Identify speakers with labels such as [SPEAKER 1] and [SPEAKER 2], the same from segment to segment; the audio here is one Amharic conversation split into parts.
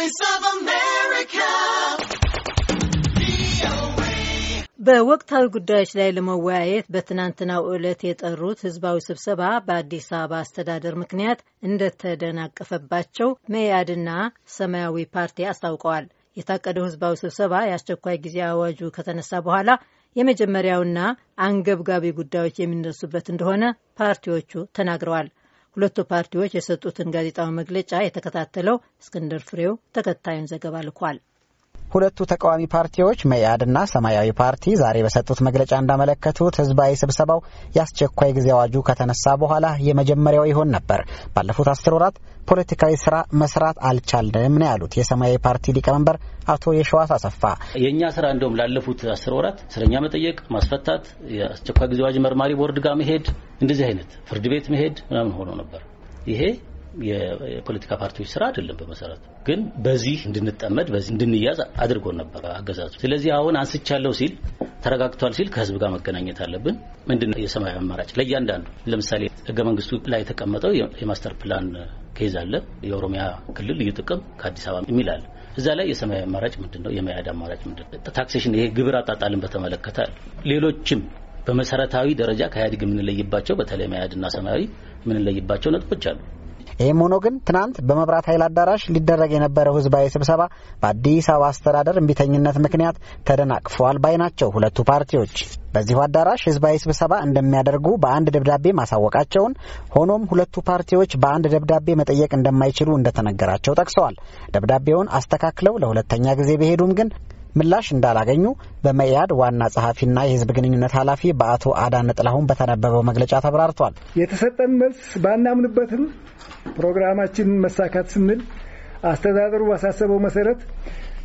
[SPEAKER 1] Voice of America.
[SPEAKER 2] በወቅታዊ ጉዳዮች ላይ ለመወያየት በትናንትናው ዕለት የጠሩት ህዝባዊ ስብሰባ በአዲስ አበባ አስተዳደር ምክንያት እንደተደናቀፈባቸው መያድና ሰማያዊ ፓርቲ አስታውቀዋል። የታቀደው ህዝባዊ ስብሰባ የአስቸኳይ ጊዜ አዋጁ ከተነሳ በኋላ የመጀመሪያውና አንገብጋቢ ጉዳዮች የሚነሱበት እንደሆነ ፓርቲዎቹ ተናግረዋል። ሁለቱ ፓርቲዎች የሰጡትን ጋዜጣዊ መግለጫ የተከታተለው እስክንድር ፍሬው ተከታዩን ዘገባ ልኳል።
[SPEAKER 3] ሁለቱ ተቃዋሚ ፓርቲዎች መኢአድና ሰማያዊ ፓርቲ ዛሬ በሰጡት መግለጫ እንዳመለከቱት ህዝባዊ ስብሰባው የአስቸኳይ ጊዜ አዋጁ ከተነሳ በኋላ የመጀመሪያው ይሆን ነበር። ባለፉት አስር ወራት ፖለቲካዊ ስራ መስራት አልቻልንም ነው ያሉት የሰማያዊ ፓርቲ ሊቀመንበር አቶ የሸዋስ አሰፋ።
[SPEAKER 1] የእኛ ስራ እንደውም ላለፉት አስር ወራት እስረኛ መጠየቅ፣ ማስፈታት፣ የአስቸኳይ ጊዜ አዋጅ መርማሪ ቦርድ ጋር መሄድ፣ እንደዚህ አይነት ፍርድ ቤት መሄድ ምናምን ሆኖ ነበር። ይሄ የፖለቲካ ፓርቲዎች ስራ አይደለም። በመሰረቱ ግን በዚህ እንድንጠመድ በዚህ እንድንያዝ አድርጎ ነበር አገዛዙ። ስለዚህ አሁን አንስቻለሁ ሲል ተረጋግቷል ሲል ከህዝብ ጋር መገናኘት አለብን። ምንድን ነው የሰማያዊ አማራጭ ለእያንዳንዱ? ለምሳሌ ህገ መንግስቱ ላይ የተቀመጠው የማስተር ፕላን ኬዝ አለ። የኦሮሚያ ክልል ልዩ ጥቅም ከአዲስ አበባ የሚል አለ። እዛ ላይ የሰማያዊ አማራጭ ምንድን ነው? የመያድ አማራጭ ምንድን ነው? ታክሴሽን፣ ይሄ ግብር አጣጣልን በተመለከተ ሌሎችም በመሰረታዊ ደረጃ ከኢህአዴግ የምንለይባቸው በተለይ መያድና ሰማያዊ የምንለይባቸው ነጥቦች አሉ።
[SPEAKER 3] ይህም ሆኖ ግን ትናንት በመብራት ኃይል አዳራሽ ሊደረግ የነበረው ህዝባዊ ስብሰባ በአዲስ አበባ አስተዳደር እምቢተኝነት ምክንያት ተደናቅፏል ባይ ናቸው ሁለቱ ፓርቲዎች። በዚሁ አዳራሽ ህዝባዊ ስብሰባ እንደሚያደርጉ በአንድ ደብዳቤ ማሳወቃቸውን፣ ሆኖም ሁለቱ ፓርቲዎች በአንድ ደብዳቤ መጠየቅ እንደማይችሉ እንደተነገራቸው ጠቅሰዋል። ደብዳቤውን አስተካክለው ለሁለተኛ ጊዜ ቢሄዱም ግን ምላሽ እንዳላገኙ በመያድ ዋና ጸሐፊና የህዝብ ግንኙነት ኃላፊ በአቶ አዳነ ጥላሁን በተነበበው መግለጫ ተብራርቷል።
[SPEAKER 4] የተሰጠን መልስ ባናምንበትም ፕሮግራማችን መሳካት ስንል አስተዳደሩ ባሳሰበው መሰረት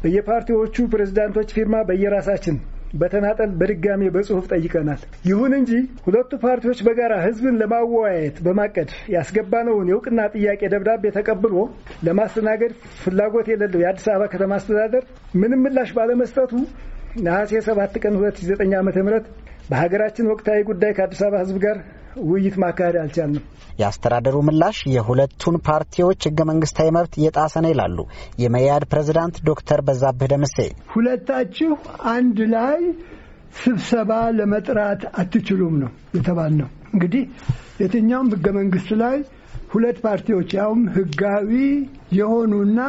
[SPEAKER 4] በየፓርቲዎቹ ፕሬዝዳንቶች ፊርማ በየራሳችን በተናጠል በድጋሜ በጽሁፍ ጠይቀናል። ይሁን እንጂ ሁለቱ ፓርቲዎች በጋራ ህዝብን ለማወያየት በማቀድ ያስገባነውን የእውቅና ጥያቄ ደብዳቤ ተቀብሎ ለማስተናገድ ፍላጎት የሌለው የአዲስ አበባ ከተማ አስተዳደር ምንም ምላሽ ባለመስጠቱ ነሐሴ 7 ቀን 2009 ዓ.ም በሀገራችን ወቅታዊ ጉዳይ ከአዲስ አበባ ህዝብ ጋር ውይይት ማካሄድ አልቻልንም።
[SPEAKER 3] የአስተዳደሩ ምላሽ የሁለቱን ፓርቲዎች ህገ መንግስታዊ መብት እየጣሰ ነው ይላሉ የመያድ ፕሬዝዳንት ዶክተር በዛብህ ደምሴ።
[SPEAKER 5] ሁለታችሁ አንድ ላይ ስብሰባ ለመጥራት አትችሉም ነው ነው። እንግዲህ የትኛውም ህገ መንግስት ላይ ሁለት ፓርቲዎች ያውም ህጋዊ የሆኑና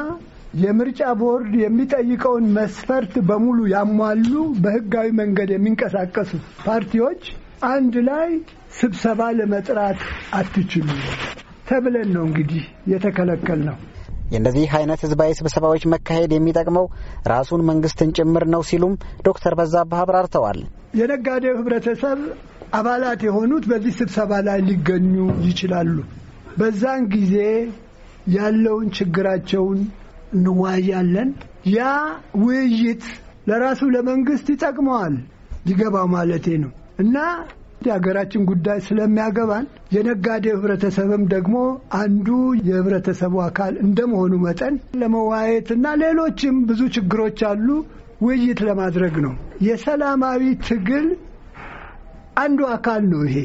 [SPEAKER 5] የምርጫ ቦርድ የሚጠይቀውን መስፈርት በሙሉ ያሟሉ በህጋዊ መንገድ የሚንቀሳቀሱ ፓርቲዎች አንድ ላይ ስብሰባ ለመጥራት
[SPEAKER 3] አትችሉ ተብለን ነው እንግዲህ የተከለከል ነው። የእነዚህ አይነት ህዝባዊ ስብሰባዎች መካሄድ የሚጠቅመው ራሱን መንግስትን ጭምር ነው ሲሉም ዶክተር በዛብህ አብራርተዋል።
[SPEAKER 5] የነጋዴው ህብረተሰብ አባላት የሆኑት በዚህ ስብሰባ ላይ ሊገኙ ይችላሉ። በዛን ጊዜ ያለውን ችግራቸውን እንወያያለን። ያ ውይይት ለራሱ ለመንግስት ይጠቅመዋል ይገባው ማለቴ ነው እና የሀገራችን ጉዳይ ስለሚያገባን የነጋዴ ህብረተሰብም ደግሞ አንዱ የህብረተሰቡ አካል እንደመሆኑ መጠን ለመወያየትና ሌሎችም ብዙ ችግሮች አሉ ውይይት ለማድረግ ነው። የሰላማዊ ትግል አንዱ አካል ነው ይሄ።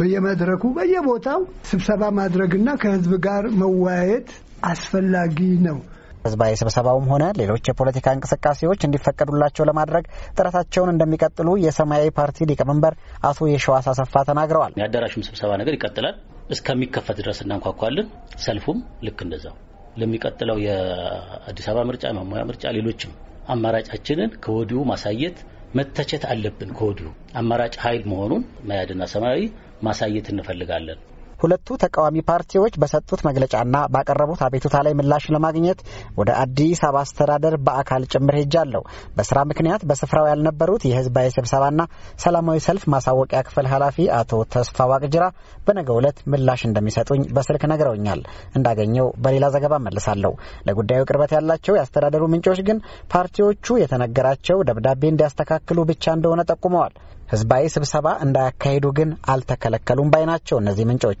[SPEAKER 5] በየመድረኩ በየቦታው
[SPEAKER 3] ስብሰባ ማድረግና ከህዝብ ጋር መወያየት አስፈላጊ ነው። ህዝባዊ ስብሰባውም ሆነ ሌሎች የፖለቲካ እንቅስቃሴዎች እንዲፈቀዱላቸው ለማድረግ ጥረታቸውን እንደሚቀጥሉ የሰማያዊ ፓርቲ ሊቀመንበር አቶ የሸዋስ አሰፋ ተናግረዋል።
[SPEAKER 1] የአዳራሹም ስብሰባ ነገር ይቀጥላል። እስከሚከፈት ድረስ እናንኳኳለን። ሰልፉም ልክ እንደዛው ለሚቀጥለው የአዲስ አበባ ምርጫ፣ የማሟያ ምርጫ፣ ሌሎችም አማራጫችንን ከወዲሁ ማሳየት መተቸት አለብን። ከወዲሁ አማራጭ ኃይል መሆኑን መያድና ሰማያዊ ማሳየት እንፈልጋለን።
[SPEAKER 3] ሁለቱ ተቃዋሚ ፓርቲዎች በሰጡት መግለጫና ባቀረቡት አቤቱታ ላይ ምላሽ ለማግኘት ወደ አዲስ አበባ አስተዳደር በአካል ጭምር ሄጃለሁ። በስራ ምክንያት በስፍራው ያልነበሩት የህዝባዊ ስብሰባና ሰላማዊ ሰልፍ ማሳወቂያ ክፍል ኃላፊ አቶ ተስፋ ዋቅጅራ በነገ ዕለት ምላሽ እንደሚሰጡኝ በስልክ ነግረውኛል። እንዳገኘው በሌላ ዘገባ መልሳለሁ። ለጉዳዩ ቅርበት ያላቸው የአስተዳደሩ ምንጮች ግን ፓርቲዎቹ የተነገራቸው ደብዳቤ እንዲያስተካክሉ ብቻ እንደሆነ ጠቁመዋል። ህዝባዊ ስብሰባ እንዳያካሂዱ ግን አልተከለከሉም ባይ ናቸው እነዚህ ምንጮች።